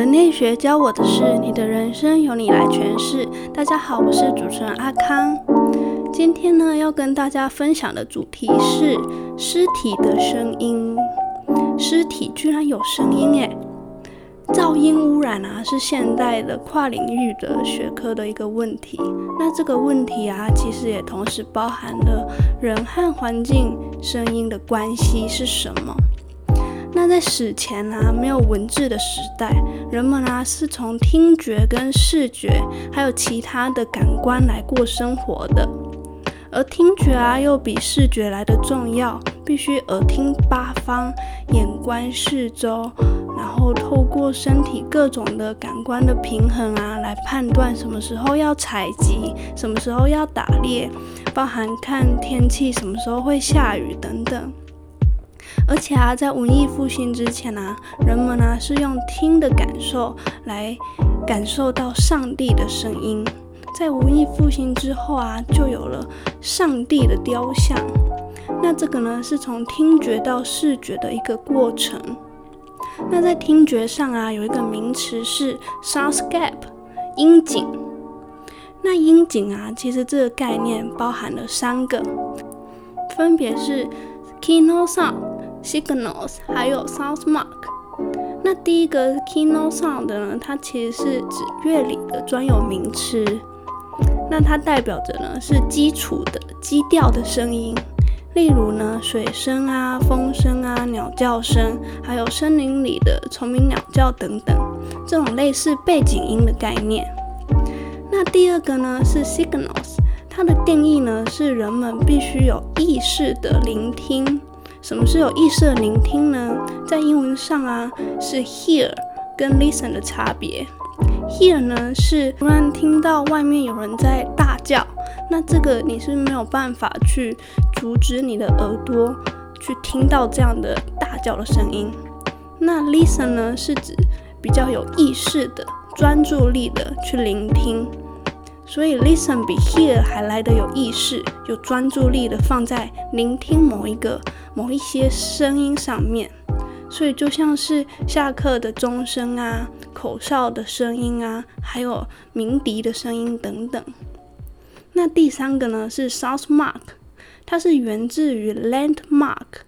人類學教我的事，你的人生由你來詮釋。大家好，我是主持人阿康。今天呢，要跟大家分享的主題是屍體的聲音。屍體居然有聲音？誒？噪音污染，啊，是現代的跨領域的學科的一個問題。那這個問題啊，其實也同時包含了人和環境聲音的關係是什麼？那在史前啊，沒有文字的時代，人們啊是從聽覺跟視覺，還有其他的感官來過生活的。而聽覺啊，又比視覺來得重要，必須耳聽八方，眼觀四周，然後透過身體各種的感官的平衡啊，來判斷什麼時候要採集，什麼時候要打獵，包含看天氣什麼時候會下雨等等。而且啊，在文藝復興之前啊，人們呢、啊、是用聽的感受來感受到上帝的聲音。在文藝復興之後啊，就有了上帝的雕像。那這個呢，是從聽覺到視覺的一個過程。那在聽覺上啊，有一個名詞是 s o u s c a p 音景。那音景啊，其實這個概念包含了三個，分別是，kinosound。Signals 還有 Soundmark，那第一個 Keynote Sound 呢，它其實是指樂理的專有名詞，那它代表着呢是基礎的基調的聲音，例如呢水聲啊、風聲啊、鳥叫聲，還有森林裡的蟲鳴鳥叫等等，這種類似背景音的概念。那第二個呢是 Signals，它的定義呢是人們必須有意識地聆聽。什麼是有意識的聆聽呢？在英文上啊，是 hear 跟 listen 的差別。hear 呢是突然聽到外面有人在大叫，那這個你是沒有辦法去阻止你的耳朵去聽到這樣的大叫的聲音。那 listen 呢是指比較有意識的、專注力的去聆聽。所以，listen 比 hear 還來得有意識、有專注力地放在聆聽某一個、某一些聲音上面。所以，就像是下課的鐘聲啊、口哨的聲音啊，還有鳴笛的聲音等等。那第三個呢是 soundmark，它是源自於 landmark。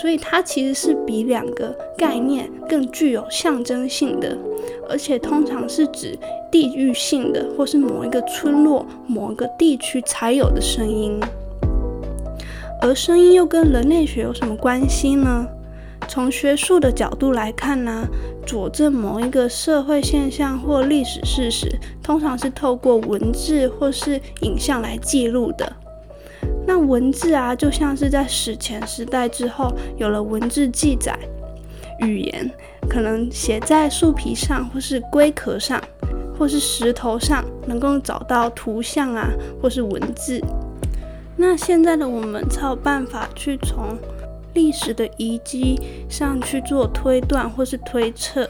所以它其實是比兩個概念更具有象徵性的，而且通常是指地域性的或是某一個村落、某一個地區才有的聲音。而聲音又跟人類學有什麼關係呢？從學術的角度來看呢，啊，佐證某一個社會現象或歷史事實，通常是透過文字或是影像來記錄的。那文字啊，就像是在史前時代之後有了文字記載，語言可能寫在樹皮上，或是龜殼上，或是石頭上，能夠找到圖像啊，或是文字。那現在的我們才有辦法去從歷史的遺跡上去做推斷或是推測。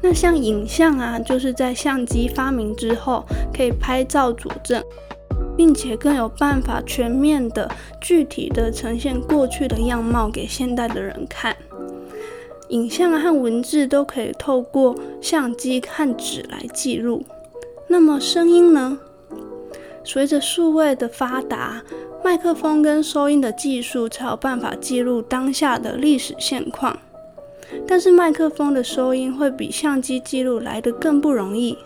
那像影像啊，就是在相機發明之後，可以拍照佐證。並且更有辦法全面的、具體的呈現過去的樣貌給現代的人看。影像和文字都可以透過相機和紙來記錄。那麼聲音呢？隨着數位的發達，麥克風跟收音的技術才有辦法記錄當下的歷史現況。但是麥克風的收音會比相機記錄來得更不容易。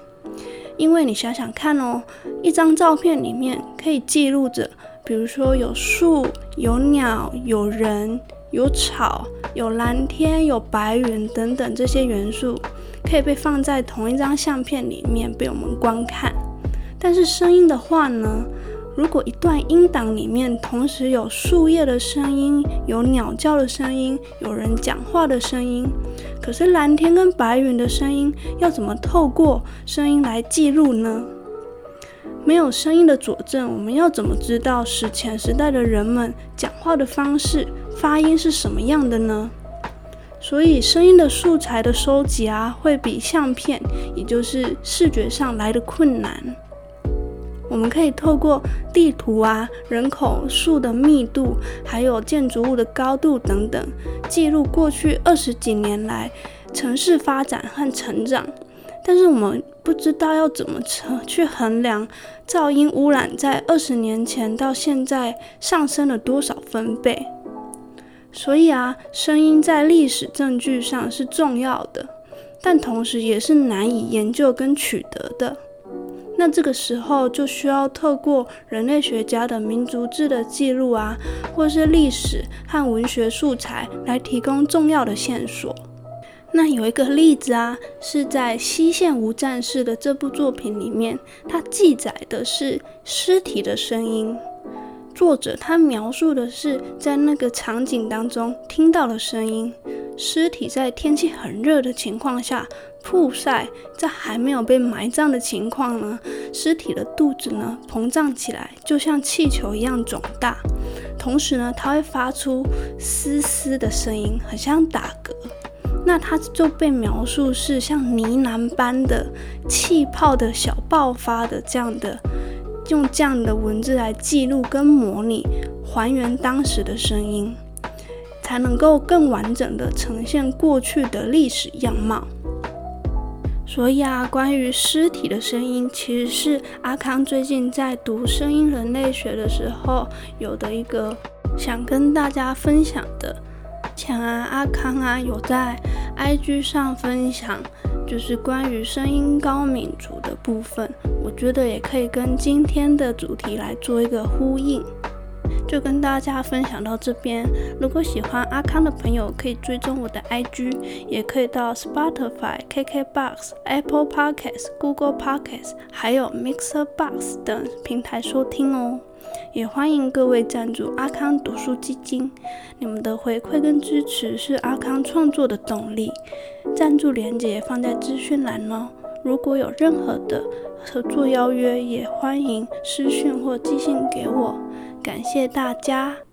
因為你想想看哦，一張照片裡面可以記錄着，比如說有樹、有鳥、有人、有草、有藍天、有白雲等等這些元素，可以被放在同一張相片裡面被我們觀看。但是聲音的話呢？如果一段音檔裡面同時有樹葉的聲音、有鳥叫的聲音、有人講話的聲音，可是藍天跟白雲的聲音要怎麼透過聲音來記錄呢？沒有聲音的佐證，我們要怎麼知道史前時代的人們講話的方式、發音是什麼樣的呢？所以，聲音的素材的收集啊，會比相片，也就是視覺上來的困難。我們可以透過地圖啊、人口數的密度、還有建築物的高度等等，記錄過去二十幾年來城市發展和成長。但是我們不知道要怎麼去衡量噪音污染在二十年前到現在上升了多少分貝。所以啊，聲音在歷史證據上是重要的，但同時也是難以研究跟取得的。那這個時候就需要透過人類學家的民族志的記錄啊，或是歷史和文學素材來提供重要的線索。那有一個例子啊，是在西線無戰事的這部作品裡面，它記載的是屍體的聲音。作者他描述的是在那個場景當中聽到的聲音。屍體在天氣很熱的情況下曝曬，在還沒有被埋葬的情況呢，屍體的肚子呢膨脹起來，就像氣球一樣腫大，同時呢，它會發出嘶嘶的聲音，很像打嗝。那它就被描述是像呢喃般的氣泡的小爆發的這樣的，用這樣的文字來記錄跟模擬還原當時的聲音，才能夠更完整地呈現過去的歷史樣貌。所以啊，關於屍體的聲音，其實是阿康最近在讀聲音人類學的時候有的一個想跟大家分享的。前啊，阿康啊，有在 IG 上分享，就是關於聲音高民族的部分，我覺得也可以跟今天的主題來做一個呼應。就跟大家分享到這邊。如果喜歡阿康的朋友，可以追蹤我的 IG，也可以到 Spotify、KKBox、Apple Podcast、Google Podcast，還有 Mixer Box 等平台收聽哦。也歡迎各位贊助阿康讀書基金，你們的回饋跟支持是阿康創作的動力。贊助鏈接放在資訊欄哦。如果有任何的合作邀約，也歡迎私訊或寄信給我。感謝大家。